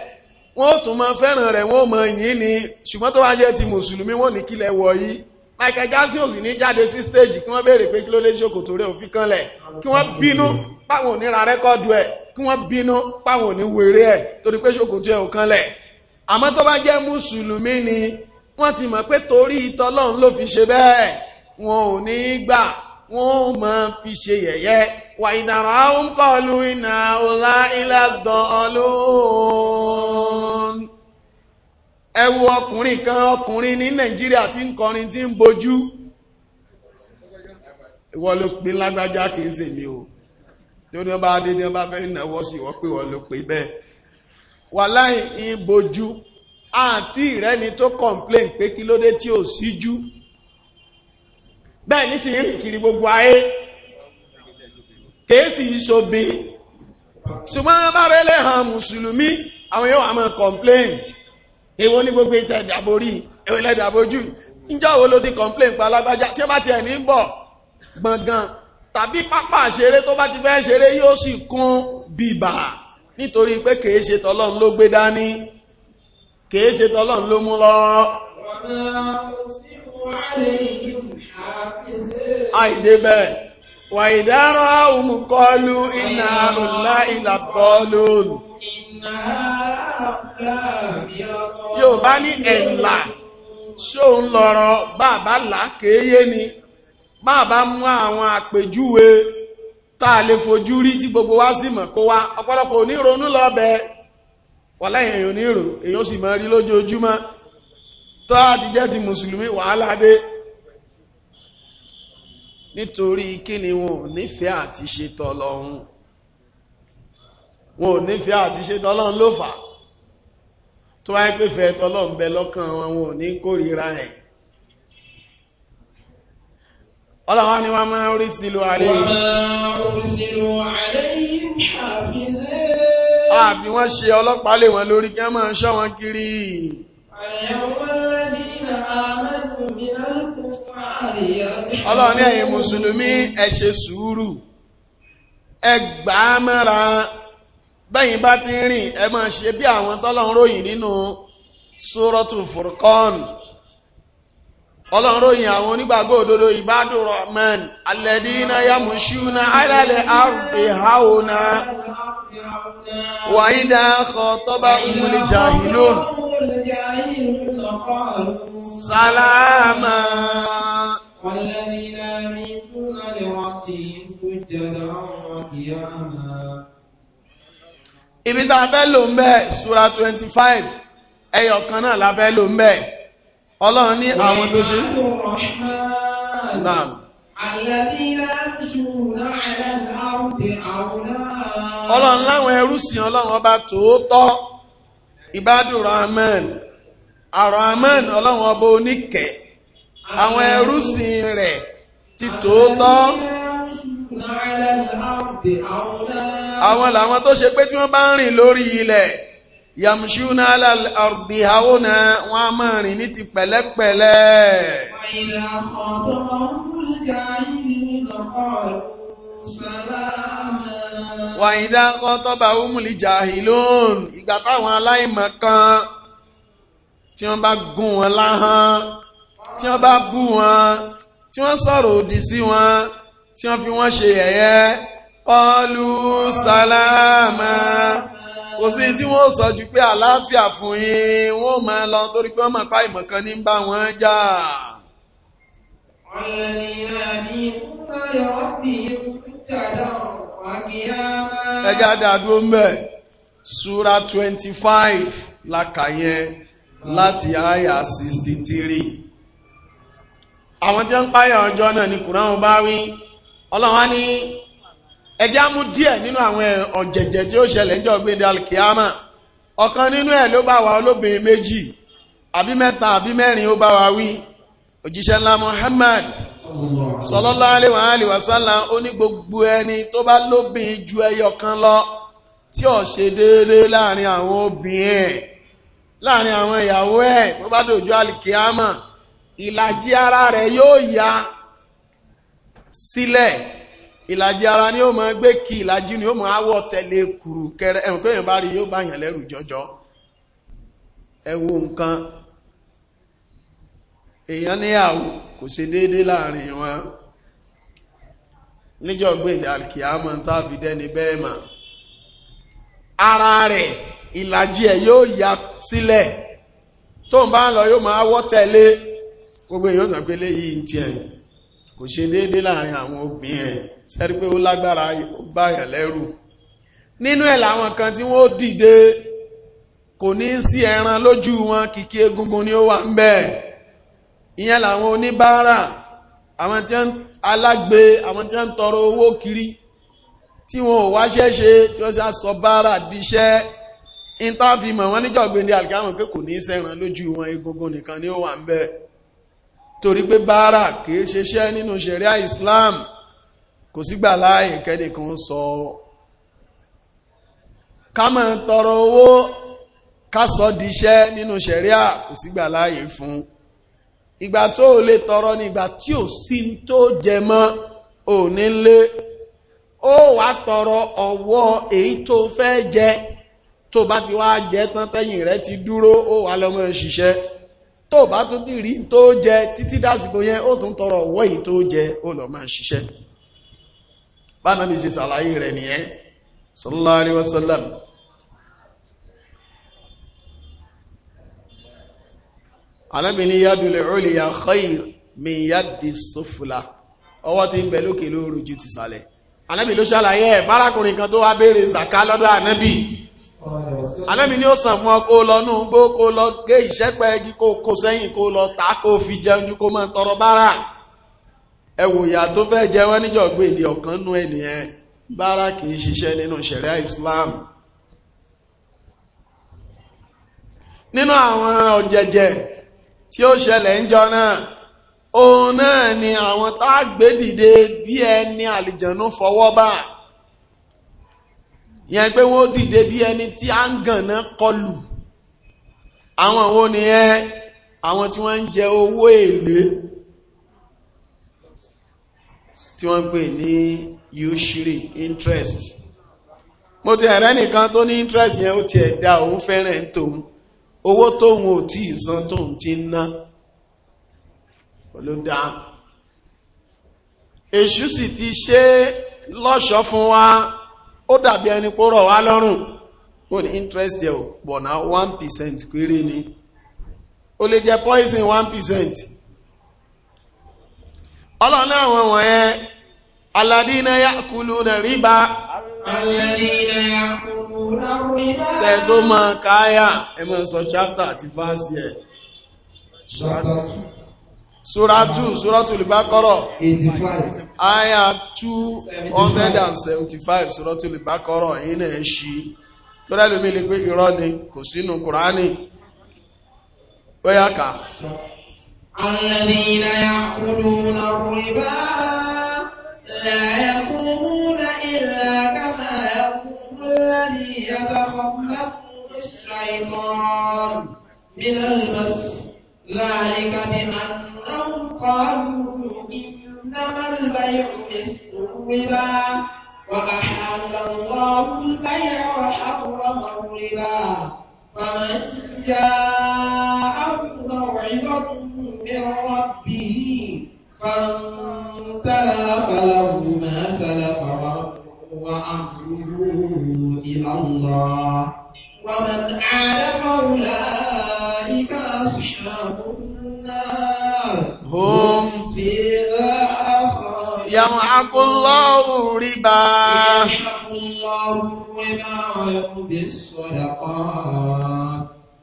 wọ́n tún mọ fẹ́ràn rẹ̀ wọ́n mọ yìí ni ṣùgbọ́n tó bá jẹ́ ti mùsùlùmí wọ́n ní kílẹ̀ wọ̀ yìí Michael Jackson ò sì ní jáde sí stage kí wọ́n béèrè pé kí ló lé ṣòkòtò rẹ̀ òfin kanlẹ̀ kí wọ́n bínú páwọn ò ní ra rẹ́kọ́ọ̀dù ẹ̀ kí wọ́n bínú páwọn ò ní wèrè ẹ̀ torí pé ṣòkòtò ẹ̀ ò kanlẹ̀ àmọ́ tó bá jẹ́ mùsùlùmí ni wọ́n ti mọ̀ pé torí ìtọ́lọ́run ló fi ṣe bẹ́ẹ̀ wọn ò ní gbà wọ́n máa fi ṣe yẹ̀yẹ́ wà ìdàrà ó ń kọlu iná ọlá ilẹ̀ dọ̀ọ̀lún ẹ ọkùnrin kan ọkùnrin ní nàìjíríà tí ń kọrin tí ń bojú ìwọ ló pín lágbájá kìí ṣe mi o tó ní ọba adé ní ọba fẹ́ ìnáwọ́ sí wọ́n pé wọ́n ló pè bẹ́ẹ̀ wà láì bojú àti ìrẹ́ni tó complain pé kí ló tí ò síjú bẹ́ẹ̀ nísìnyí kiri gbogbo ayé kèésì ìṣòbe ṣùgbọ́n bá rẹ̀lẹ̀ hàn mùsùlùmí àwọn yóò àmọ́ complain èwo ní gbogbo ìtẹ̀dàborí ewélẹ́dàbojú níjọ́ wo ló ti complain pa alágbájá tí ó bá ti ẹ̀ ní bọ̀ gbọ̀ngàn tàbí pápá ṣeré tó bá ti fẹ́ ṣeré yóò sì kún bìbà nítorí pé kèéṣe tọ́lọ́run ló gbé dání kèéṣe tọ́lọ́run ló mú lọ àìdébẹ̀ wà ìdárọ̀ àwùmùkọlù iná àrùnlá ìlàtọ́lóòlù yóò bá na ẹ̀là ṣóun lọ́rọ̀ bàbá làkéyé ni bàbá mú àwọn àpèjúwe tá a lè fojú rí tí gbogbo wa sì mọ̀ kó wá ọ̀pọ̀lọpọ̀ oníronú lọ́bẹ̀ wà lẹ́yìn èèyàn onírò èèyàn mọ̀ rí lójoojúmọ́ tó nítorí kí ni wọn ò nífẹ̀ẹ́ àti ṣe tọ́lọ́run wọn ò nífẹ̀ẹ́ àti ṣe tọ́lọ́run ló fà tó wáyé pé fẹ́ tọ́lọ́run bẹ lọ́kàn wọn wọn ò ní kórìíra ẹ̀ ọlọ́wọ́ ni wọ́n máa rí sílò àlẹ́ àbí wọ́n ṣe ọlọ́pàá lè wọn lórí kí wọ́n máa ṣọ́ wọn kiri àyẹ̀wọ́n lẹ́bí ọlọ́run ní ẹ̀yin mùsùlùmí ẹ ṣe sùúrù ẹ gbà á mọ́ra bẹ́yìn bá ti rìn ẹ máa ṣe bí àwọn tọ́lọ́run ròyìn nínú sórọ́tù furqan ọlọ́run ròyìn àwọn onígbàgbọ́ òdodo ìbádùn rahman alẹ́dínà yamushuna alálẹ̀ ardi hauna wàídà kọtọ́bà ìmúlìjà ìlú sàlámà والذين يميتون لربهم سجدا وقياما ibi tá a fẹ́ lò ń bẹ́ẹ̀ sura twenty five ẹyọ kan náà la fẹ́ lò ń bẹ́ẹ̀ ọlọ́run ní àwọn tó ṣe. ọlọ́run láwọn ẹrú sìn ọlọ́run ọba tòótọ́ ibadu rahman arahman ọlọ́run ọba oníkẹ́ẹ́ àwọn ẹrúsìn rẹ̀ ti tòótọ́ àwọn làwọn tó ṣe pé tí wọ́n bá ń rìn lórí ilẹ̀ yamṣúná alàdìháwónà wọ́n a máa rìn ní ti pẹ̀lẹ́pẹ̀lẹ́ wàyídá kọ́tọ́bà umùlì jahilun ìgbà táwọn aláìmọ̀ kan tí wọ́n bá gún wọn láhán tí wọ́n bá bú wọn tí wọ́n sọ̀rọ̀ òdì sí wọn tí wọ́n fi wọ́n ṣe yẹ̀yẹ́ kọlu sálámà kò sí tí wọ́n sọ ju pé àlàáfíà fún yín wọ́n máa lọ torí pé wọ́n máa pa ìmọ̀kan ní bá wọn jà. ẹja dàdú mbẹ sura twenty five la kà yẹn láti àyà sixty three àwọn tí ó ń páyà ọjọ́ náà ni kùránù bá wí ọlọ́wọ́n ní ẹjá mú díẹ̀ nínú àwọn ọ̀jẹ̀jẹ̀ tí ó ṣẹlẹ̀ ń jọ gbéńdé alkiyama ọ̀kan nínú ẹ̀ ló bá wa olóbìnrin méjì àbí mẹ́ta àbí mẹ́rin ó bá wa wí òjíṣẹ́ ńlá Muhammad sallallahu alaihi wa sallam ó ní gbogbo ẹni tó bá lóbìn ju ẹyọ kan lọ tí ó ṣe déédéé láàrin àwọn obìnrin ẹ̀ láàrin àwọn ìlàjì ara rẹ̀ yóò ya sílẹ̀ ìlàjì ara ni ó máa gbé kí ìlàjì ni ó máa wọ́ tẹ̀lé kùrù kẹrẹ ẹ̀rùn kéèyàn bá rí yóò bá yàn lẹ́rù jọjọ ẹ wo nǹkan èèyàn níyàwó kò ṣe déédé láàrin wọn níjọ́ gbèdé alkiyama tá a fi dẹ́ni bẹ́ẹ̀ mà ara rẹ̀ ìlàjì ẹ̀ yóò ya sílẹ̀ tó ń bá ń lọ yóò máa wọ́ tẹ̀lé gbogbo èèyàn náà pélé yìí ń tiẹ̀ kò ṣe déédé láàrin àwọn obìnrin ẹ̀ sẹ́rí pé ó lágbára ó báyàn lẹ́rù nínú ẹ̀ làwọn kan tí wọ́n dìde kò ní sí ẹran lójú wọn kìkì egungun ni ó wà ń bẹ̀ ìyẹn làwọn oníbàárà àwọn tí wọ́n alágbe àwọn tí wọ́n tọrọ owó kiri tí wọn ò wáṣẹ́ ṣe tí wọ́n sì sọ bàárà díṣẹ́ ìntàfimọ̀ wọn níjọ̀gbìn ní àlùkámọ̀ pé kò ní sẹ́ran lójú wọn egungun nìkan ni ó wà ń bẹ̀ torí pé báárà kìí ṣeṣẹ́ nínú ṣẹ̀ríà Islam kò sígbà láàyè kẹ́nìkan sọ ká má tọrọ owó ká sọ díṣẹ́ nínú ṣẹ̀ríà kò sígbà láàyè fún ìgbà tó o lè tọrọ ní ìgbà tí ò sí tó jẹ mọ́ ò ní ó wá tọrọ ọwọ́ èyí tó fẹ́ jẹ tó bá ti wá jẹ tán tẹ́yìn rẹ ti dúró ó wá lọ́mọ ṣiṣẹ́ tó bá tún ti rí tó jẹ títí dásìkò yẹn ó tún tọrọ owó yìí tó jẹ ó lọ máa ṣiṣẹ́ báná ní ṣe ṣàlàyé rẹ̀ nìyẹn sallallahu alaihi wasallam Ànábì ní yadul ulya khayr min yadi sufla ọwọ́ tí ń alẹ́mi ni ó sàn fún ọ kó lọ nú gbó kó lọ gé ìṣẹ́pẹ́ igi kó kó sẹ́yìn kó lọ ta kó fi jẹun ju kó máa tọrọ bára ẹ wò ìyà tó fẹ́ jẹ wọ́n níjọ́ gbé ìdí ọ̀kan nú ẹnìyẹn bára kì ṣiṣẹ́ nínú ṣẹ̀ríà Islam nínú àwọn ọ̀jẹ̀jẹ̀ tí ó ṣẹlẹ̀ ń jọ náà òun náà ni àwọn tá a gbé dìde bí ẹni àlìjànú fọwọ́ báà yẹn pé wọ́n dìde bí ẹni tí a ń gànná kọlù àwọn wo ni ẹ àwọn tí wọ́n ń jẹ owó èlé tí wọ́n ń ní usury interest mo ti ẹ̀rẹ́ nìkan tó ní interest yẹn ó ti ẹ̀dá òun fẹ́rẹ̀ ń tòun owó tóun ò tí ìsan tóun ti ń ná olódá èṣù sì ti ṣe lọ́ṣọ́ fún wa ó dàbí ẹni pó rọ̀ wá lọ́rùn ó ní interest yẹ pọ̀ ná 1% péré ni ó lè jẹ poison 1% ọlọ́nà àwọn wọ̀nyẹn aládínà yà kúlù nà ríbá aládínà yà kúlù nà ríbá tẹ́tọ́ ma káyà ẹmọ́ sọ chapter àti verse yẹ Surah 2, Surah Al-Baqarah. 85. Aya 275, Surah Al-Baqarah, yìí náà ṣí. Tọ́lá lómi lè pé irọ́ ni, kò sínú Kùránì. Ó yá ká. الذين يأكلون الربا لا يقومون إلا كما يقوم الذي يتخبطه الشيطان من المس ذلك بأن أو قالوا إنما البيع مثل الربا وأحل الله البيع وحرم الربا فمن جاءه موعظة من ربه فانتهى فله ما سلف وأمره إلى الله ومن عاد فأولئك أصحاب hum yamhaku Allahu riba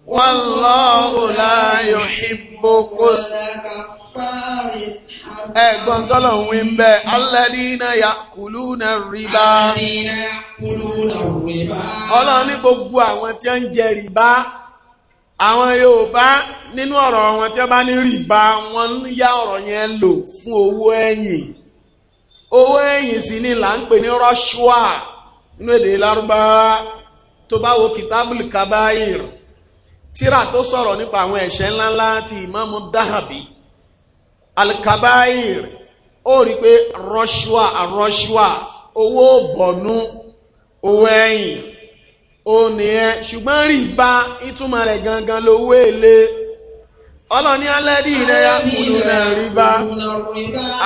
wallahu la yuhibbu kulla kaffarin ẹ̀gbọ́n tọ́lọ̀ ń wí ń bẹ́ alladina yakuluna riba ọlọ́run ní gbogbo àwọn tí ó ń jẹ rìbá àwọn Yorùbá nínú ọ̀rọ̀ wọn tí wọ́n bá ní rìbá wọn ń yá ọ̀rọ̀ yẹn lò fún owó ẹ̀yìn owó ẹ̀yìn sì ni là ń pè ní rọ́ṣùà nínú èdè lárúbáwá tó bá wo kìtábùlì kábáyìr tíra tó sọ̀rọ̀ nípa àwọn ẹ̀ṣẹ̀ ńláńlá ti ìmáàmù dáhàbí alkabair ó rí pé rọ́ṣùà rọ́ṣùà owó bọ̀nú owó ẹ̀yìn ó nìyẹn ṣùgbọ́n rìbá ìtumọ̀ rẹ̀ gangan lówó èlé ọlọ́ni alẹ́rí rẹ̀ ya kùnú rẹ̀ rìbá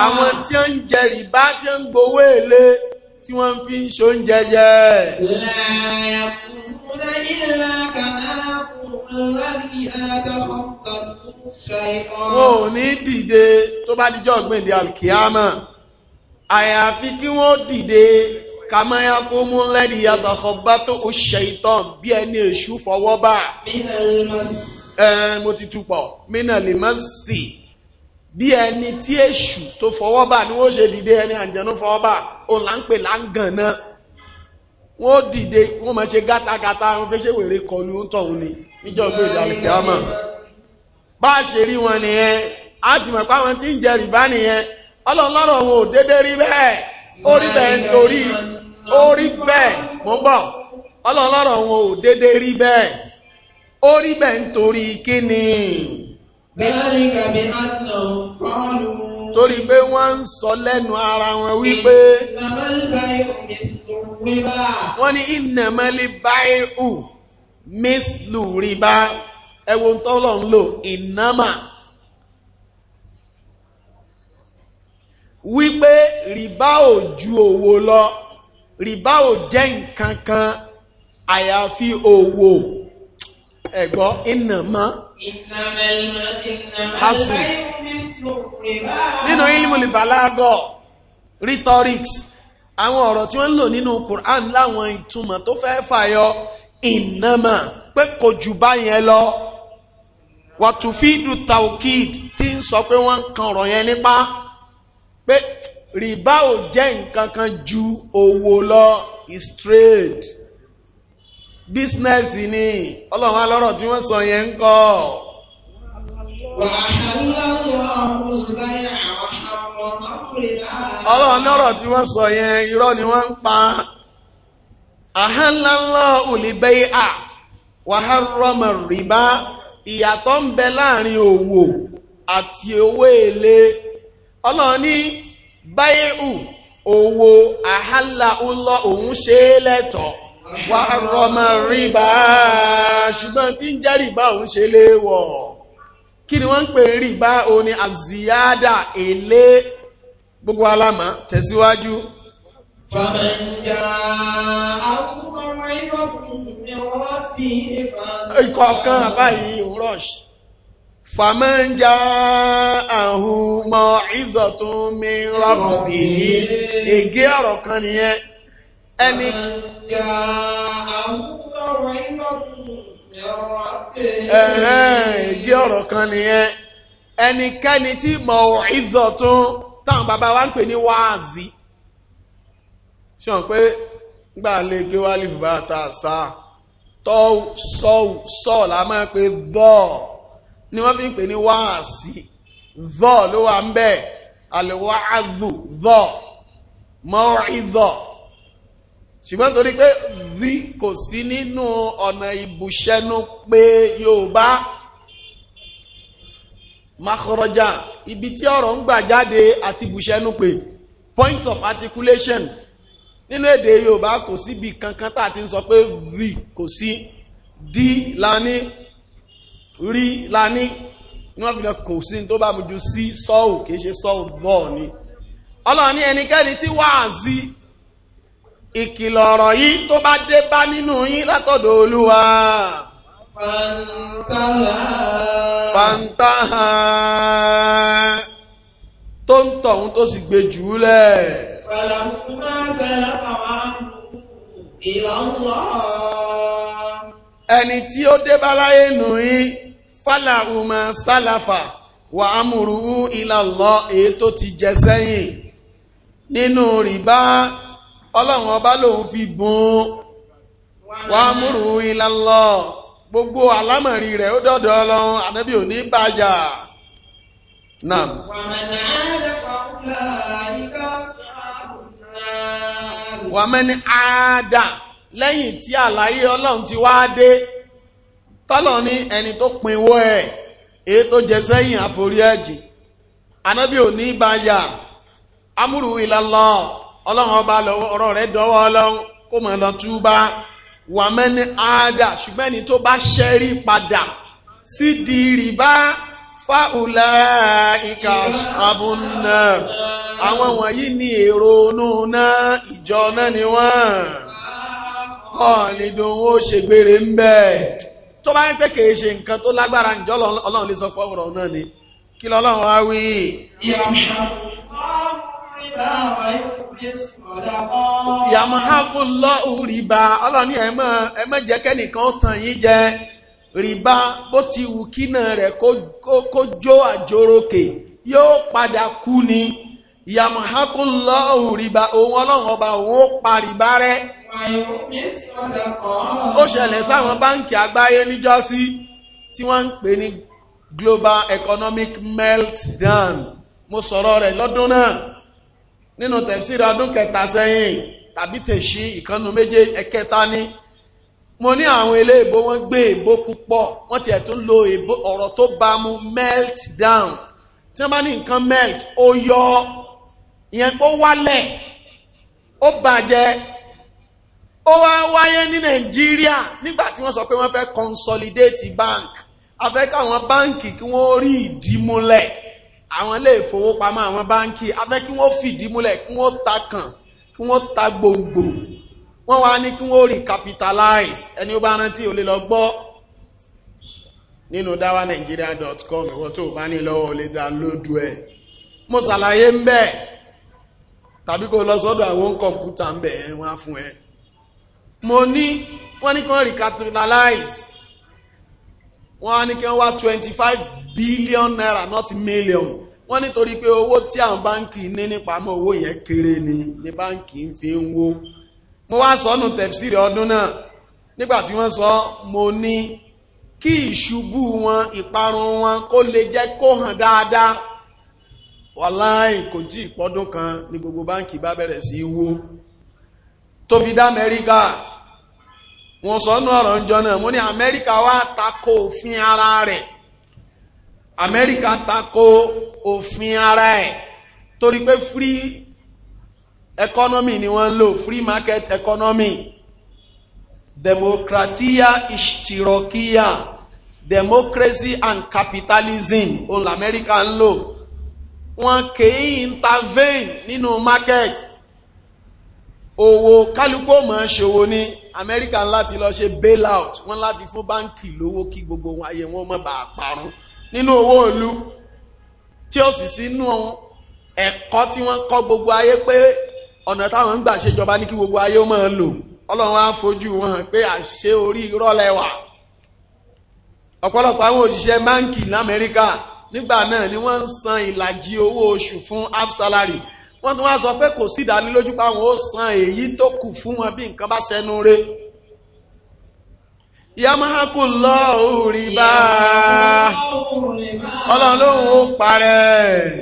àwọn tí ó ń jẹ rìbá tí ó ń gbowó èlé tí wọ́n fi ń ṣo ń jẹjẹ wọn dìde tó bá dijọ́ gbèǹde alkiyama àyàfi kí wọ́n dìde kàmá ya kó mú lẹ́dí yàtọ̀ ọba tó o ṣe ìtàn bí ẹni èṣù fọwọ́ bá. mo ti túpọ̀ mínà lè má sì bí ẹni tí èṣù tó fọwọ́ bá ni wọ́n ṣe dìde ẹni àjẹnú fọwọ́ bá òun là ń pè láǹgàn náà wọ́n dìde wọ́n máa ṣe gátagátá wọn fẹ́ ṣe wèrè kọlu ń tọ̀hún ni níjọba ìdàlùkì àmọ́ bá a ṣe rí wọn nìyẹn a ti mọ̀ pé àwọn tí ń jẹ rìbá nìyẹn ọlọ́run ò déédéé rí bẹ́ẹ̀ ó rí bẹ́ẹ̀ nítorí ó rí bẹ́ẹ̀ mọ́ bọ̀ ọlọ́lọ́rọ̀ wọn ò dédé rí bẹ́ẹ̀ ó rí bẹ́ẹ̀ nítorí kí ni torí pé wọ́n ń sọ lẹ́nu ara wọn wípé wọ́n ní ìnàmọ́lé báyìí mísìlù rí bá ẹwọ́n tọ́lọ̀ ń lò ìnámà wípé rìbá ò ju òwò lọ rìbá ò jẹ́ nǹkan kan àyàfi owó ẹ̀gbọ́ iná mọ́ hasù nínú ilmùlì balago rhetorics àwọn ọ̀rọ̀ tí wọ́n ń lò nínú Quran láwọn ìtumọ̀ tó fẹ́ fàyọ ìnàmà pé kò jù báyẹn lọ wàtúfídù taukid tí ń sọ pé wọ́n ń kan ọ̀rọ̀ yẹn nípa pé rìbá ò jẹ́ nǹkan ju owó lọ is trade business ni ọlọ́run alọ́rọ̀ tí wọ́n sọ yẹn ń kọ́ ọlọ́run lọ́rọ̀ tí wọ́n sọ yẹn irọ́ ni wọ́n ń pa àhánláńlá olùbẹ́ à rìbá ìyàtọ̀ ń bẹ láàrin òwò àti owó èlé ọlọ́run ní báyìí owó àhálà ọlọ́ òun ṣe é lẹ́tọ̀ọ́ wà rọmọ rìbá ṣùgbọ́n tí ń jẹ́ rìbá òun ṣe léèwọ̀ kí ni wọ́n ń pè rìbá òun ni àzíyádà èlé gbogbo alámà tẹ̀síwájú. ìkọ̀ọ̀kan báyìí rush فمن جاءه موعظة من ربه igi ọ̀rọ̀ kan nìyẹn ẹni igi ọ̀rọ̀ kan nìyẹn ẹnikẹ́ni tí mọ̀ọ́ìzọ̀ tún táwọn bàbá wa ń pè ní wáàzì ṣùgbọ́n pé gbà lè gé bá ta sáà la máa pè ni wọ́n fi ń pè ní wáàsí zọ́ ló wà ń bẹ́ alwáàzù zọ́ mọ́ìzọ́ ṣùgbọ́n torí pé rí kò sí nínú ọ̀nà ìbùṣẹ́nú pé Yorùbá makọrọjà ibi tí ọ̀rọ̀ ń gbà jáde àti ìbùṣẹ́nú pé point of articulation nínú èdè Yorùbá kò síbi kankan tá a ti ń sọ pé rí kò sí dí lání rí lani, ní wọ́n fi kan kò sí tó bá mú ju sí sọ́ọ̀ kìí ṣe sọ́ọ̀ dọ̀ ni ọlọ́run ní ẹnikẹ́ni tí wáàzí ìkìlọ̀ ọ̀rọ̀ yìí tó bá dé bá nínú yín látọ̀dọ̀ olúwa fantaha tó ń tọ̀hún tó sì gbé jù lẹ̀ ẹni tí ó dé bá láyé nù yín fálà ọmọ sálàfà wà ámùrú ìlàlọ́ èyí tó ti jẹ sẹ́yìn nínú rìbá ọlọ́run ọba lòun fi bùn wà ámùrú ìlàlọ́ gbogbo alámọ̀rí rẹ̀ ó dọ́dọ̀ ọlọ́run ànábì ò ní bàjá náà wà mẹ́ni àádà lẹ́yìn tí àlàyé ọlọ́run ti wá dé tọ́lọ̀ ní ẹni tó pinwó ẹ̀ èyí tó jẹ sẹ́yìn àforí ẹ̀jì anábì ò ní báyà amúrù ìlàlọ́ ọlọ́run ọba ọ̀rọ̀ rẹ̀ dọ́wọ́ ọlọ́run kó mọ̀ lọ túbá wà mẹ́ni àádà ṣùgbọ́n ẹni tó bá ṣẹ́rí padà sí di rìbá fáùlà ìkà àbúnà àwọn wọ̀nyí ni èrò onúna ìjọ náà ni wọ́n ọ̀lẹ́dùn ó ṣègbèrè ń bẹ́ẹ̀ tó bá ń pé kèé ṣe nǹkan tó lágbára ǹjọ́ ọlọ́run lè sọ pé ọ̀rọ̀ náà ni kí lọ́lọ́run wá wí. yàmùhákùnlọ́hùn rìbá ọlọ́run ní ẹ má jẹ́ kẹ́nìkan tàn yín jẹ rìbá bó ti wù kí náà rẹ̀ kó jó àjòrókè yóò padà kú ni yàmùhákùnlọ́hùn rìbá òun ọlọ́run ọba òun ó pa rìbá rẹ̀ ó ṣẹlẹ̀ sáwọn báǹkì àgbáyé níjọ́sí tí wọ́n ń pè ní global economic meltdown mo sọ̀rọ̀ rẹ̀ lọ́dún náà nínú tẹ̀síra ọdún kẹta sẹ́yìn tàbí tẹ̀sí ìkànnù méje ẹ̀kẹta ní mo ní àwọn ilé ìbò wọ́n gbé ìbò púpọ̀ wọ́n ti ẹ̀tún lo ìbò ọ̀rọ̀ tó bá mú meltdown tí wọ́n bá ní nǹkan melt ó yọ ìyẹn kó wálẹ̀ ó bàjẹ́ ó wá wáyé ní nàìjíríà nígbà tí wọ́n sọ pé wọ́n fẹ́ consolidate bank afẹ́ káwọn báǹkì kí wọ́n rí ìdímúlẹ̀ àwọn ilé ìfowópamọ́ àwọn báǹkì afẹ́ kí wọ́n fìdímúlẹ̀ kí wọ́n ta kàn kí wọ́n ta gbòǹgbò wọ́n wá ní kí wọ́n recapitalize ẹni ó bá rántí ò lè lọ gbọ́ nínú dáwà nigeria.com ìwọ́n tó bá ní lọ́wọ́ lè dánlódù ẹ̀ mo ṣàlàyé ń bẹ̀ tàbí kó lọ sọ́dọ̀ àwọn kọ̀ǹpútà ń bẹ̀ wọ́n á fún ẹ mo ní wọ́n ní kí wọ́n recapitalize wọ́n á ní kí wá 25 billion naira not million wọ́n nítorí pé owó tí àwọn báńkì ní nípamọ́ owó yẹn kéré ni ní báńkì ń fi ń wó mo wá sọ́nù tẹ̀fsìrì ọdún náà nígbàtí wọ́n sọ mo ní kí ìṣubú wọn ìparun wọn kó lè jẹ́ kó hàn dáadáa wàláì kò jí ìpọ́dún kan ní gbogbo báńkì bá bẹ̀rẹ̀ sí wó tó fi dá Amẹ́ríkà wọ́n sọ nú ọ̀rọ̀ ń jọ náà mo ní amẹ́ríkà wá tako òfin ara rẹ̀ amẹ́ríkà tako òfin ara ẹ̀ torí pé free economy ni wọ́n lò free market economy democratia ishtirokia democracy and capitalism òun lamẹ́ríkà ń lò wọ́n kèé intervene nínú market owó kálukú ó máa ṣòwò ní amẹ́ríkà láti lọ ṣe bailout wọ́n láti fún báńkì lówó kí gbogbo ayé wọn má bàa parun nínú owó òlu tí ó sì sínú ẹ̀kọ́ tí wọ́n kọ́ gbogbo ayé pé ọ̀nà táwọn ń gbà ṣèjọba ní kí gbogbo ayé ó máa lò ọlọ́run á fojú wọn hàn pé àṣẹ orí rọ́lẹ́wà ọ̀pọ̀lọpọ̀ àwọn òṣìṣẹ́ báńkì lamẹ́ríkà nígbà náà ni wọ́n ń san ìlàjì owó oṣù fún half salary wọ́n tún wá sọ pé kò sí ìdánilójú páwọn ó san èyí tó kù fún wọn bí nǹkan bá ṣẹnu rẹ̀ yamahaku lọ́wọ́ rìbá ọlọ́run lóhun ó parẹ́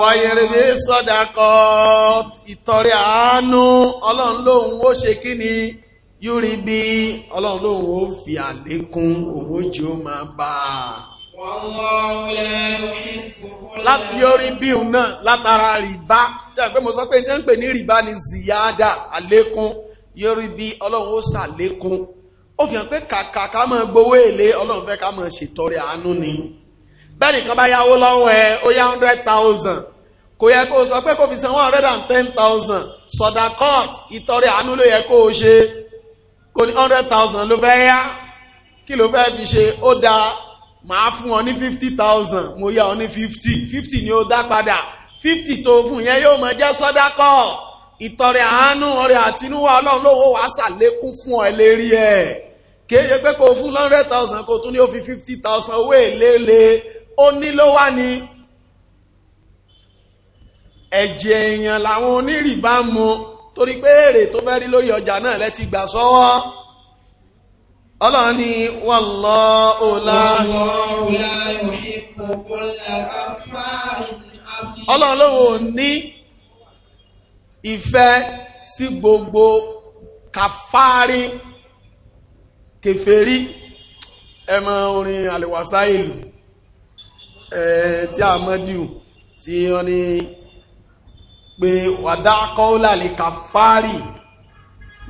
wàyẹ̀rẹ̀bẹ̀ sọ́dakọ̀ ìtọrẹ àánú ọlọ́run lóhun ó ṣe kí ni yúrí bí ọlọ́run ó fi àlékún òun ó ó máa bá a láti orí bíun náà látara rìbá ṣe àpé mo sọ pé tẹ́ ń pè ní rìbá ni ziyada àlékún yorí bí ọlọ́run ó ṣàlékún ó fi hàn pé kàkà ká máa gbowó èlé ọlọ́run fẹ́ ká máa ṣètọrẹ àánú ni bẹ́ẹ̀ nìkan bá yáwó lọ́wọ́ ẹ ó yá hundred thousand kò yẹ kó o sọ pé kò fi san one hundred and ten thousand sọ̀dà court ìtọrẹ àánú ló yẹ kó o ṣe kò ní hundred thousand ló fẹ́ yá kí ló fẹ́ fi ṣe ó dáa máa fún ọ ní 50,000 mo yá ọ ní 50 50 ni ó dá padà 50 tó fún yẹn yóò mọ jẹ́ sọ́dákọ̀ ìtọrẹ àánú ọrẹ àtinúwà ọlọ́run lówó wá ṣàlékún fún ọ lérí ẹ̀ kéye pé kò fún 100,000 kò tún ní ó fi 50,000 owó èlélé ó ní ló wà ní ẹ̀jẹ̀ èèyàn làwọn onírìbá mu torí pé èrè tó fẹ́ rí lórí ọjà náà lẹ́ti gbà sọ́wọ́ ọlọ́run ní wallahu la ọlọ́run lóhùn ní ìfẹ́ sí gbogbo kàfárí kèfèrí ẹmọ orin àlèwàsá ìlú tí a mọ́ díù tí wọ́n ní pé wàdá kọ́ ó lálẹ́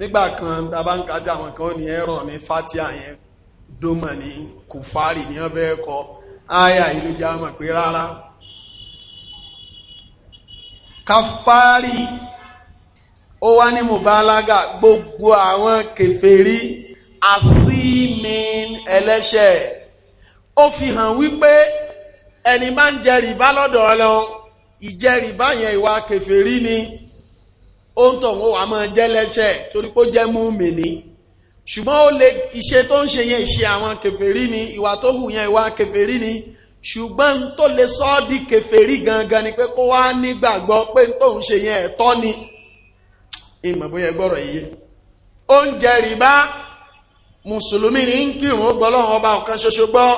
nígbà kan tàbá ń kájá àwọn kan ní ẹ̀rọ ní fatia yẹn dómà ní kùfárì ní ọbẹ̀ ẹ̀kọ́ áyà ìlú jámà pé rárá kàfárì ó wá ní mùbálágà gbogbo àwọn kèfèrí àfíìmín ẹlẹ́ṣẹ̀ ó fi hàn wípé ẹni máa ń jẹ rìbá lọ́dọ̀ Ọlọ́run ìjẹ ìwà kèfèrí ni ó ń tọ̀ wọ́n wà máa jẹ́ lẹ́ṣẹ̀ torí pé ó jẹ́ mùmínì ṣùgbọ́n ó lè iṣẹ́ tó ń ṣe yẹn ṣe àwọn kèfèrí ni ìwà tó hù yẹn ìwà kèfèrí ni ṣùgbọ́n tó lè sọ di kèfèrí gangan ni pé kó wá nígbàgbọ́ pé tó ń ṣe yẹn ẹ̀tọ́ ni ìmọ̀ bóyá gbọ́rọ̀ yìí oúnjẹ rìbá mùsùlùmí ní ń kírun ó gbọ́ ọba ọ̀kan ṣoṣo gbọ́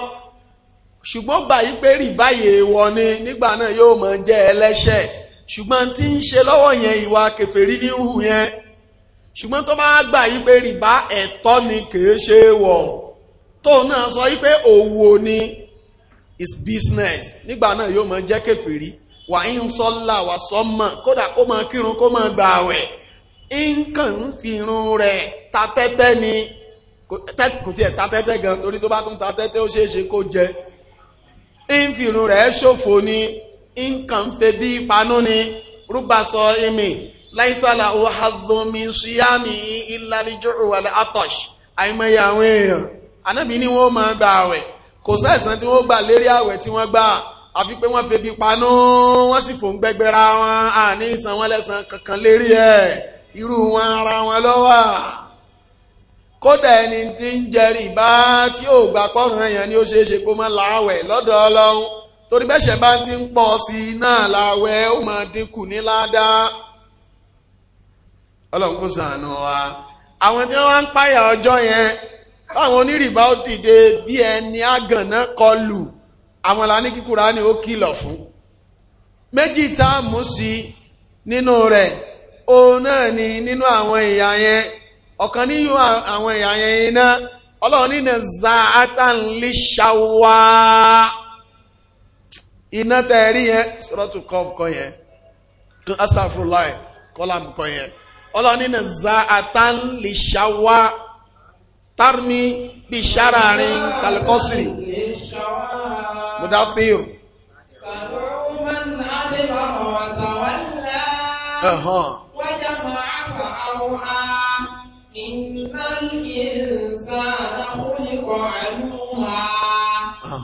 ṣùgbọ́n gbà yí pé rìbá yèèwọ̀ ni nígbà náà yóò máa jẹ́ ẹlẹ́ṣẹ̀ ṣùgbọ́n tí ń ṣe lọ́wọ́ yẹn ìwà kèfèrí ní hù yẹn ṣùgbọ́n tó bá gbà yí pé rìbá ẹ̀tọ́ ni kìí ṣe wọ̀ tó náà sọ yí pé òwò ni is business nígbà náà yóò máa jẹ́ kèfèrí wà ń sọ́lá wà sọ́mọ̀ kódà kó máa kírun kó máa gbà àwẹ̀ nǹkan ń fi irun rẹ̀ ta tẹ́tẹ́ ni kò tiẹ̀ ta tẹ́tẹ́ gan torí tó bá tún ta tẹ́tẹ́ ó ṣeé ṣe kó jẹ ń fi irun rẹ̀ ṣòfò ni nǹkan fẹ́ bí panú ni rúbà sọ èmi láìsàlà ó hazomi síyámi ìlàlíjọ́ ìwàlẹ̀ atosh àìmọye àwọn èèyàn anábì ni wọ́n máa gba àwẹ̀ kò sẹ́sàn tí wọ́n gbà lérí àwẹ̀ tí wọ́n gbà àfi pé wọ́n febi panú wọ́n sì fòun gbẹgbẹ́ra wọn àní ìsan wọn lẹ́san kankan lérí ẹ̀ irú wọn ara wọn lọ́wọ́ kódà ẹni tí ń jẹ rìbá tí ò gbà pọ́nrán èèyàn ni ó ṣeéṣe kó má láwẹ̀ lọ́dọ̀ ọlọ́run torí bẹ́ṣẹ̀ bá ti ń pọ̀ sí i náà láwẹ́ ó máa dínkù ní ládàá ọlọ́run kó ṣàánú wa àwọn tí wọ́n ń páyà ọjọ́ yẹn táwọn onírìbá ó dìde bí ẹni àgànná kọlù àwọn lání kíkúra ni ó kìlọ̀ fún méjì tá a mú sí nínú rẹ̀ òun náà ni nínú àwọn ìyà yẹn ọ̀kan nínú àwọn ìyà yẹn iná ọlọ́run nínú zaatan lishawa iná tẹ́ rí yẹn sọ́rọ́tù kọ́f kọ́ yẹn astagfirullah kọ́làm kọ́ yẹn ọlọ́ni ní za'atan lè ṣàwá tármi bí ṣárarin kalikọ́sìrì mudathiru ẹ̀hàn wájá máa fà áwọ́ á ìnà ìsànà ó yíkọ̀ àlú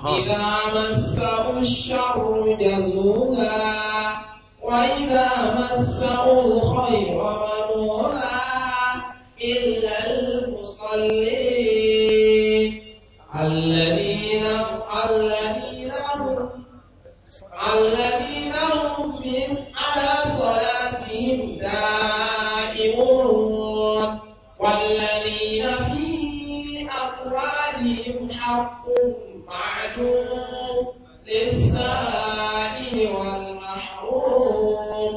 إذا مسه الشر جزوعا وإذا مسه الخير منوعا إلا المصلين الذين الذين هم الذين هم من على صلاتهم دائمون والذين للسائل والمحروم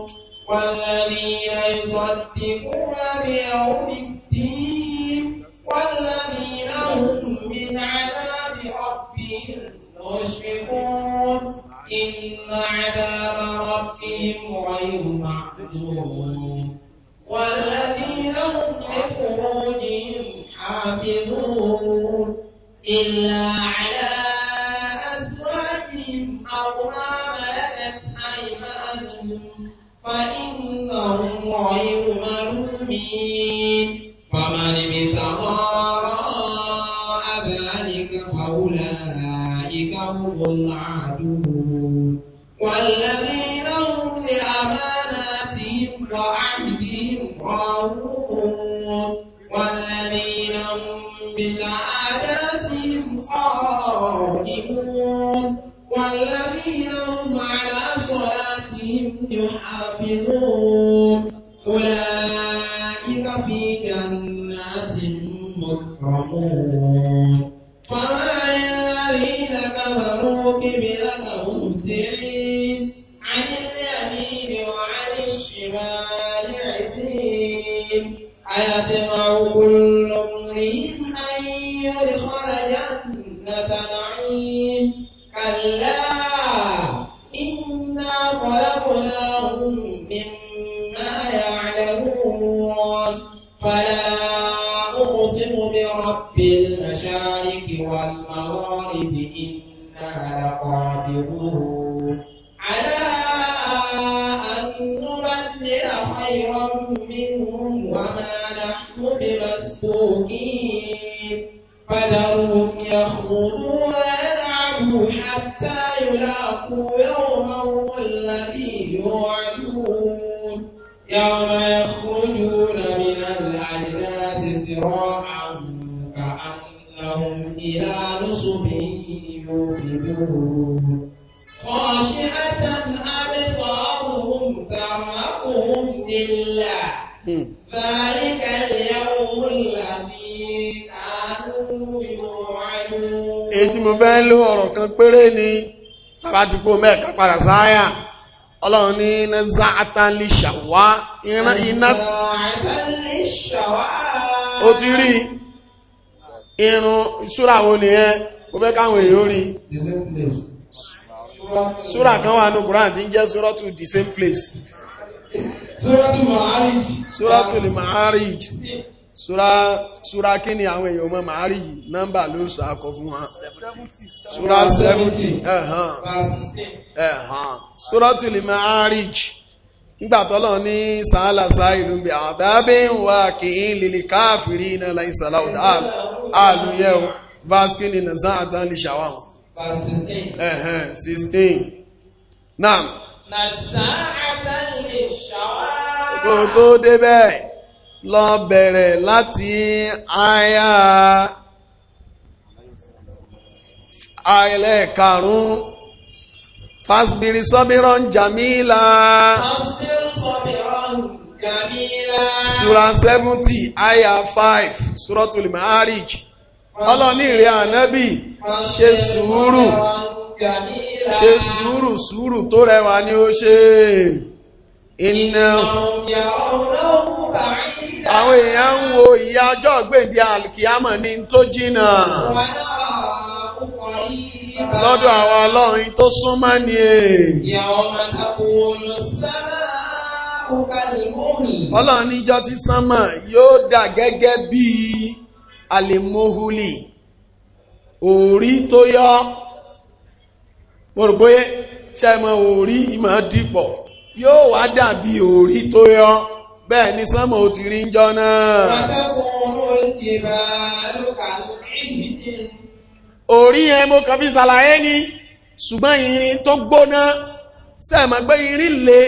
والذين يصدقون بيوم الدين والذين هم من عذاب ربهم مشفقون إن عذاب ربهم غير معدوم والذين هم لفروجهم حافظون إلا على ربهم أو ما ملكت أيمانهم فإنهم غير ملومين فمن ابتغى وراء ذلك فأولئك هم العادون يوم يخرجون من الأجداث سراعا كأنهم إلى نصب يوفدون خاشعة أبصارهم ترهقهم ذلة ذلك اليوم الذي كانوا يوعدون. Èyí tí mo fẹ́ ló ọ̀rọ̀ kan padà sáyà. ọlọ́run ní iná záátá lè ṣàwá iná iná ó ti rí irun ṣúra wo nìyẹn ó fẹ́ káwọn èèyàn rí ṣúra kan wà ní Kùránì tí ń jẹ́ ṣúrọ́tù the same place ṣúrọ́tù to máa rí ṣúra kí ni àwọn èèyàn ọmọ màárì yìí nọ́mbà ló sọ akọ fún wọn ṣúra 70 ẹ̀hàn ẹ̀hàn ṣúra tí lè máa rí jì nígbàtọ́lọ̀ ní sàálàsá ìlú bí àdábé wà kí ń lè káàfìrí iná láì sàláwọ̀dá àlúyẹ́ o vaskini na zan àtàn lè 16 náà na zan àtàn lè lọ bẹ̀rẹ̀ láti àyà àìlẹ́ẹ̀karùn-ún fásbírí sọ́bíràn jàmílà ṣúra 70 àyà 5 ṣúrọ́tùlì maharij ọlọ́ní ìrẹ́ ànábì ṣe sùúrù ṣe sùúrù sùúrù tó rẹwà ni ó ṣe iná ọ̀rọ̀ àwọn èèyàn ń wo ìyà ọjọ́ gbèǹdé alkiyama ní tó jìnà lọ́dọ̀ àwọn ọlọ́rin tó súnmọ́ ni è e. ọlọ́run níjọ́ tí sánmà yóò dà gẹ́gẹ́ bí alimohuli òrí tó yọ́ mọ̀rùgbóyé ṣẹ́mọ̀ òrí ìmọ̀ dìpọ̀ yóò wá dàbí òrí tó yọ́ bẹ́ẹ̀ ni sánmọ̀ ó ti rí ń jọ náà orí ẹ mo kàn fi ṣàlàyé ni ṣùgbọ́n irin tó gbóná sẹ́ẹ̀mọ̀ pé irin lè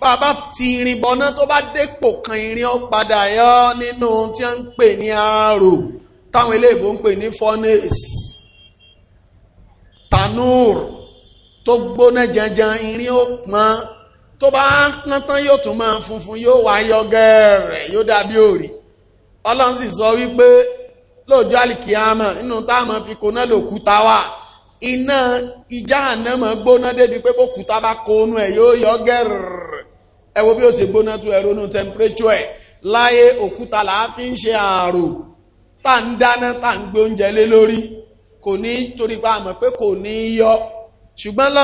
bàbá ti irin bọ́ná tó bá dépò kan irin ó padà yọ nínú tí a ń pè ní ààrò táwọn eléèbó ń pè ní furnace tanur tó gbóná janjan irin ó pọ́n tó bá pọ́n tán yóò tún máa funfun yóò wá yọ gẹ́ẹ̀rẹ̀ yóò dàbí òrì ọlọ́run sì sọ wípé lóòjọ́ àlìkìyàmà nínú táàmà fi kóná lòkúta wà iná ìjà ànámọ̀ gbóná débi pé bókúta bá kónú ẹ̀ yóò yọ gẹ́ẹ̀rẹ̀ ẹ wo bí ó ṣe gbóná tó ẹ ronú temperature ẹ̀ láyé òkúta làá fi ń ṣe ààrò tá ń dáná tá ń gbóúnjẹ lé lórí kò ní torí pa àmọ̀ pé kò ní yọ ṣùgbọ́n